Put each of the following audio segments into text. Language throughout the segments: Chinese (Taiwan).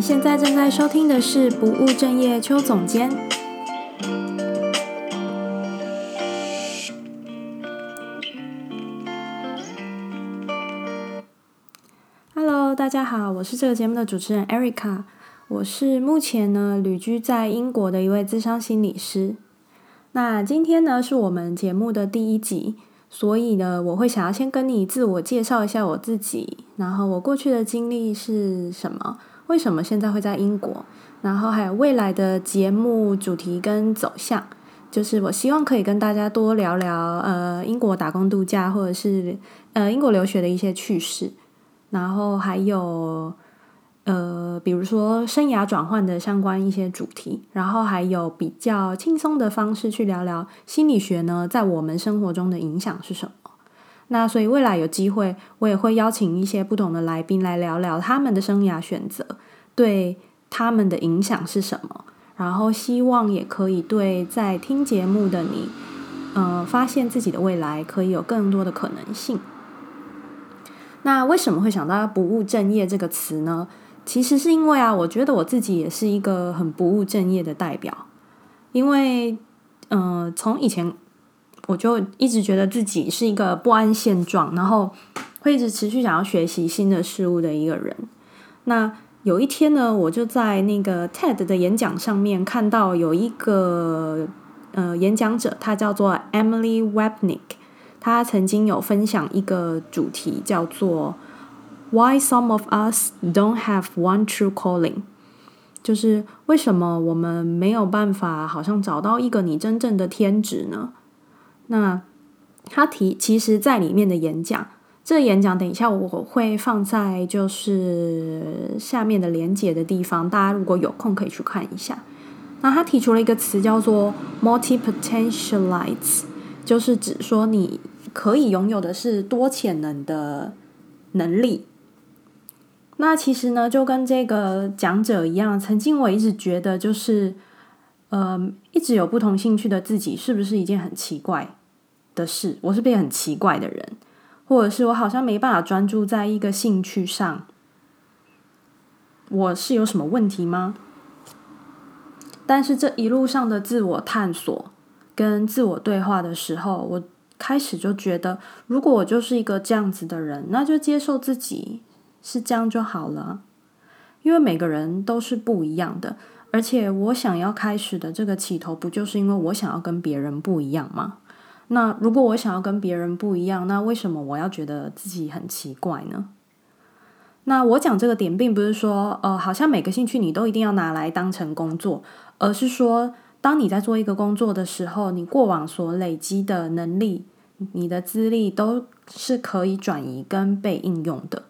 現在正在收聽的是《不務正業》邱總監。Hello，大家好，我是這個節目的主持人 Erika，我是目前呢旅居在英國的一位諮商心理師。那今天呢是我們節目的第一集，所以呢我會想要先跟你自我介紹一下我自己，然後我過去的經歷是什麼。為什麼現在會在英國？然後還有未來的節目主題跟走向，就是我希望可以跟大家多聊聊，呃，英國打工度假或者是呃英國留學的一些趣事，然後還有呃，比如說生涯轉換的相關一些主題，然後還有比較輕鬆的方式去聊聊心理學呢，在我們生活中的影響是什麼？那所以未來有機會，我也會邀請一些不同的來賓來聊聊他們的生涯選擇，對他們的影響是什麼，然後希望也可以對在聽節目的你，呃，發現自己的未來可以有更多的可能性。那為什麼會想到“不務正業”這個詞呢？其實是因為啊，我覺得我自己也是一個很不務正業的代表，因為嗯、呃，從以前。我就一直覺得自己是一個不安現狀，然後會一直持續想要學習新的事物的一個人。那有一天呢，我就在那個 TED 的演講上面看到有一個呃演講者，他叫做 Emilie Wapnick，他曾經有分享一個主題叫做 "Why some of us don't have one true calling"，就是為什麼我們沒有辦法好像找到一個你真正的天職呢？那他提，其實在裡面的演講，這個、演講等一下我會放在就是下面的連結的地方，大家如果有空可以去看一下。那他提出了一個詞叫做 “multipotentialite” 就是指說你可以擁有的是多潛能的能力。那其實呢，就跟這個講者一樣，曾經我一直覺得，就是呃，一直有不同興趣的自己，是不是已經很奇怪？的事，我是變很奇怪的人，或者是我好像沒辦法專注在一個興趣上。我是有什麼問題嗎？但是這一路上的自我探索跟自我對話的時候，我開始就覺得，如果我就是一個這樣子的人，那就接受自己是這樣就好了。因為每個人都是不一樣的，而且我想要開始的這個起頭，不就是因為我想要跟別人不一樣嗎？那如果我想要跟別人不一樣，那為什麼我要覺得自己很奇怪呢？那我講這個點，並不是說，呃，好像每個興趣你都一定要拿來當成工作，而是說，當你在做一個工作的時候，你過往所累積的能力、你的資歷，都是可以轉移跟被應用的。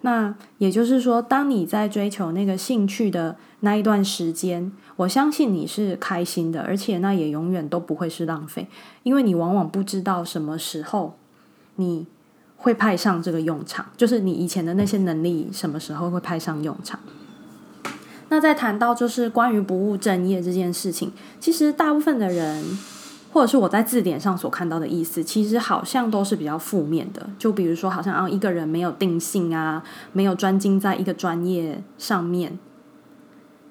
那也就是說，當你在追求那個興趣的那一段時間，我相信你是開心的，而且那也永遠都不會是浪費，因為你往往不知道什麼時候你會派上這個用場，就是你以前的那些能力什麼時候會派上用場。那再談到就是關於不務正業這件事情，其實大部分的人，或者是我在字典上所看到的意思，其實好像都是比較負面的。就比如說，好像啊，一個人沒有定性啊，沒有專精在一個專業上面。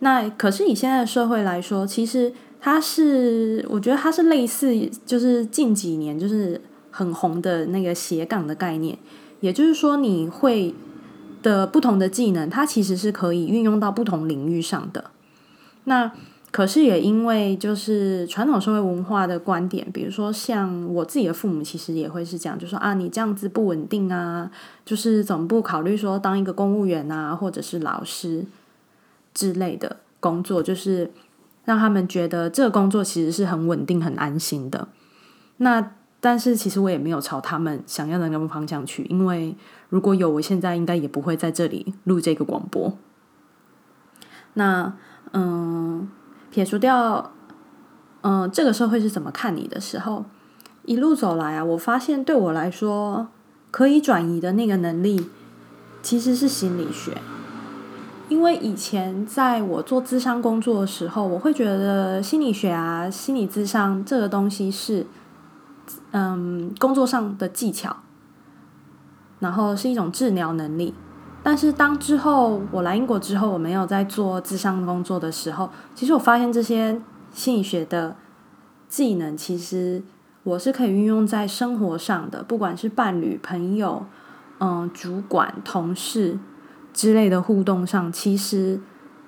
那可是以現在的社會來說，其實它是，我覺得它是類似，就是近幾年就是很紅的那個斜槓的概念，也就是說你會的不同的技能，它其實是可以運用到不同領域上的。那可是也因為就是傳統社會文化的觀點，比如說像我自己的父母，其實也會是講，就是說，啊，你這樣子不穩定啊，就是總不考慮說當一個公務員啊，或者是老師。之類的工作，就是讓他們覺得這個工作其實是很穩定、很安心的。那但是其實我也沒有朝他們想要的那個方向去，因為如果有，我現在應該也不會在這裡錄這個廣播。那嗯，撇除掉嗯，這個社會是怎麼看你的時候，一路走來啊，我發現對我來說可以轉移的那個能力，其實是心理學。因為以前在我做諮商工作的時候，我會覺得心理學啊、心理諮商這個東西是，嗯，工作上的技巧，然後是一種治療能力。但是當之後我來英國之後，我沒有在做諮商工作的時候，其實我發現這些心理學的技能，其實我是可以運用在生活上的，不管是伴侶、朋友、嗯、主管、同事。之類的互動上，其實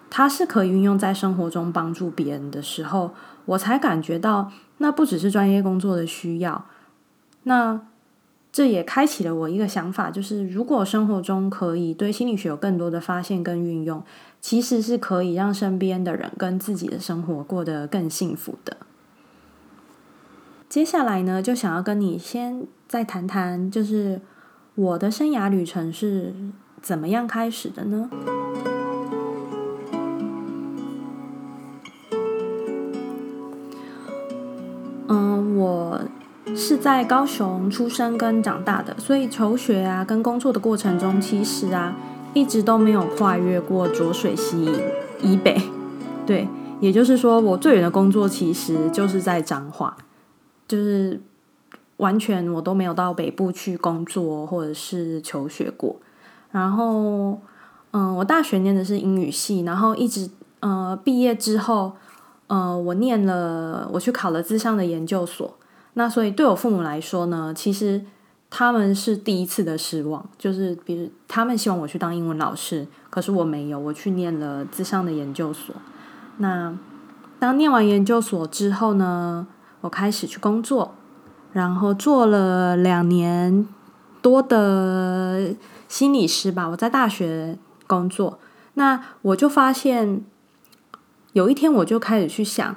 它是可以運用在生活中幫助別人的時候，我才感覺到那不只是專業工作的需要。那這也開啟了我一個想法，就是如果生活中可以對心理學有更多的發現跟運用，其實是可以讓身邊的人跟自己的生活過得更幸福的。接下來呢，就想要跟你先再談談，就是我的生涯旅程是。怎麼樣開始的呢？嗯，我是在高雄出生跟長大的，所以求學啊跟工作的過程中，其實啊一直都沒有跨越過濁水溪以北。對，也就是說，我最遠的工作其實就是在彰化，就是完全我都沒有到北部去工作或者是求學過。然後，嗯，我大學念的是英語系，然後一直，呃，畢業之後，呃，我念了，我去考了諮商的研究所。那所以對我父母來說呢，其實他們是第一次的失望，就是比如他們希望我去當英文老師，可是我沒有，我去念了諮商的研究所。那當念完研究所之後呢，我開始去工作，然後做了兩年，多的心理師吧，我在大學工作，那我就發現有一天我就開始去想，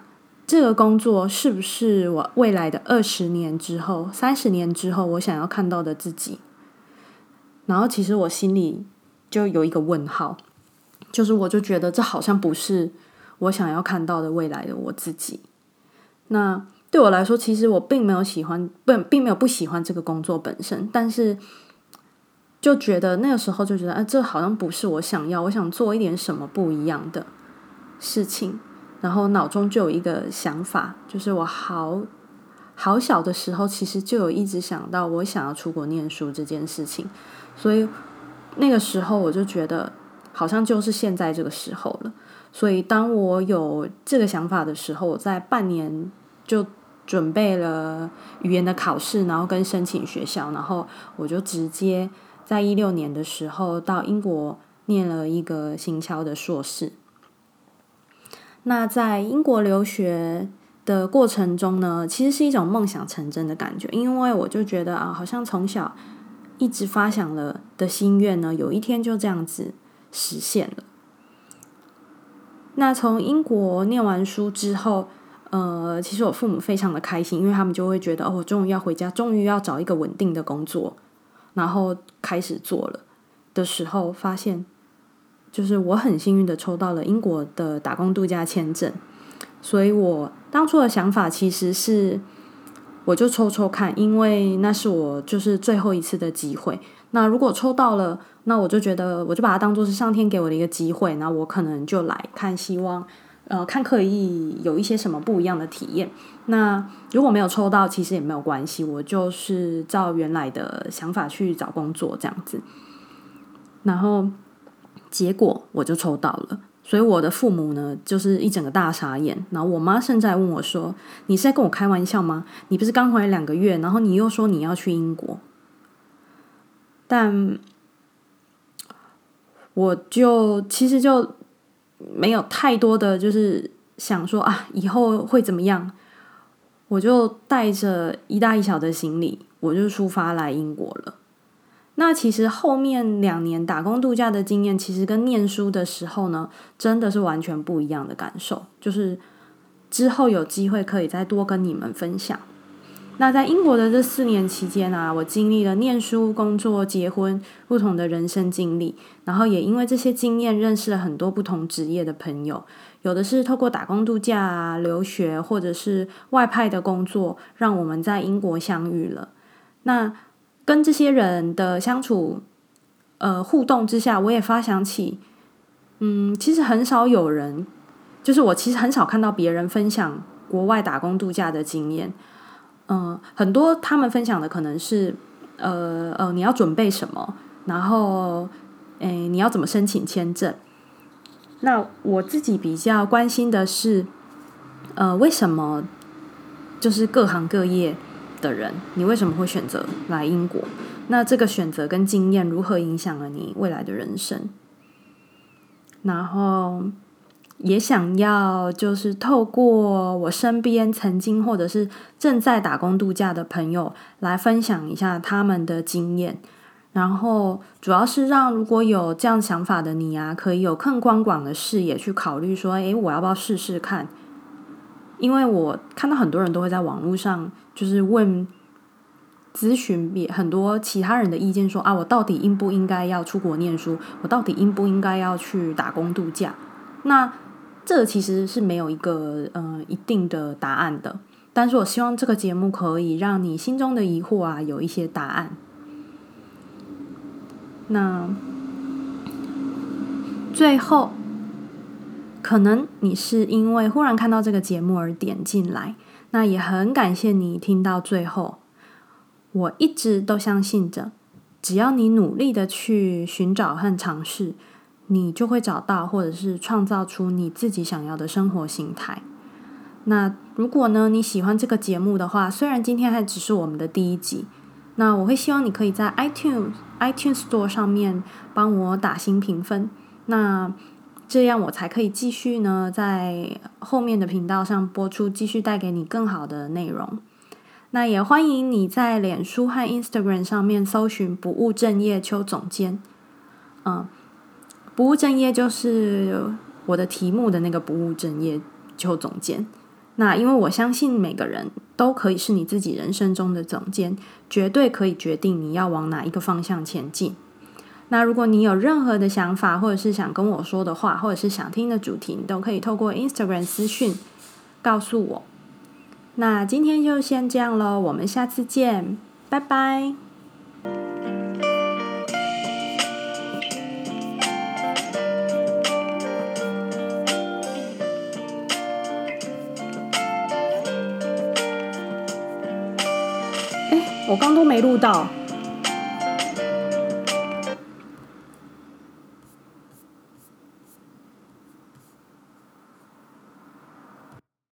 這個工作是不是我未來的二十年之後、三十年之後我想要看到的自己？然後其實我心裡就有一個問號，就是我就覺得這好像不是我想要看到的未來的我自己。那。對我來說，其實我並沒有喜歡，不，並沒有不喜歡這個工作本身，但是就覺得那個時候就覺得，啊，這好像不是我想要，我想做一點什麼不一樣的事情。然後腦中就有一個想法，就是我好好小的時候，其實就有一直想到我想要出國念書這件事情。所以那個時候我就覺得，好像就是現在這個時候了。所以當我有這個想法的時候，我在半年就。準備了語言的考試，然後跟申請學校，然後我就直接在一六年的時候到英國唸了一個行銷的碩士。那在英國留學的過程中呢，其實是一種夢想成真的感覺，因為我就覺得啊，好像從小一直發想了的心願呢，有一天就這樣子實現了。那從英國念完書之後。呃，其實我父母非常的開心，因為他們就會覺得，哦，我終於要回家，終於要找一個穩定的工作，然後開始做了的時候，發現就是我很幸運的抽到了英國的打工度假簽證。所以我當初的想法其實是，我就抽抽看，因為那是我就是最後一次的機會。那如果抽到了，那我就覺得我就把它當做是上天給我的一個機會，那我可能就來看希望。呃，看可以有一些什麼不一樣的體驗。那如果沒有抽到，其實也沒有關係，我就是照原來的想法去找工作這樣子。然後結果我就抽到了，所以我的父母呢，就是一整個大傻眼。然後我媽甚至問我說：“你是在跟我開玩笑嗎？你不是剛回來兩個月，然後你又說你要去英國？”但我就其實就。沒有太多的就是想說啊，以後會怎麼樣？我就帶着一大一小的行李，我就出發來英國了。那其實後面兩年打工度假的經驗，其實跟念書的時候呢，真的是完全不一樣的感受，就是之後有機會可以再多跟你們分享。那在英國的這四年期間啊，我經歷了念書、工作、結婚、不同的人生經歷，然後也因為這些經驗認識了很多不同職業的朋友，有的是透過打工度假、留學或者是外派的工作，讓我們在英國相遇了。那跟這些人的相處、呃互動之下，我也發想起，嗯，其實很少有人，就是我其實很少看到別人分享國外打工度假的經驗。嗯、呃，很多他們分享的可能是，呃呃，你要準備什麼，然後，哎，你要怎麼申請簽證？那我自己比較關心的是，呃，為什麼就是各行各業的人，你為什麼會選擇來英國？那這個選擇跟經驗如何影響了你未來的人生？然後。也想要就是透過我身邊曾經或者是正在打工度假的朋友來分享一下他們的經驗，然後主要是讓如果有這樣想法的你啊，可以有更寬廣的視野去考慮說，誒，我要不要試試看？因為我看到很多人都會在網絡上就是問諮詢，也很多其他人的意見說啊，我到底應不應該要出國念書？我到底應不應該要去打工度假？那。這其實是沒有一個呃一定的答案的，但是我希望這個節目可以讓你心中的疑惑啊有一些答案。那最後，可能你是因為忽然看到這個節目而點進來，那也很感謝你聽到最後。我一直都相信着，只要你努力的去尋找和嘗試。你就會找到，或者是創造出你自己想要的生活形態。那如果呢，你喜歡這個節目的話，雖然今天還只是我們的第一集，那我會希望你可以在 iTunes、iTunes Store 上面幫我打新評分，那這樣我才可以繼續呢，在後面的頻道上播出，繼續帶給你更好的內容。那也歡迎你在臉書和 Instagram 上面搜尋“不務正業邱總監”，嗯。不務正業就是我的題目的那個不務正業就總監。那因為我相信每個人都可以是你自己人生中的總監，絕對可以決定你要往哪一個方向前進。那如果你有任何的想法，或者是想跟我說的話，或者是想聽的主題，你都可以透過 Instagram 私訊告訴我。那今天就先這樣嘍，我們下次見，拜拜。我剛都沒錄到。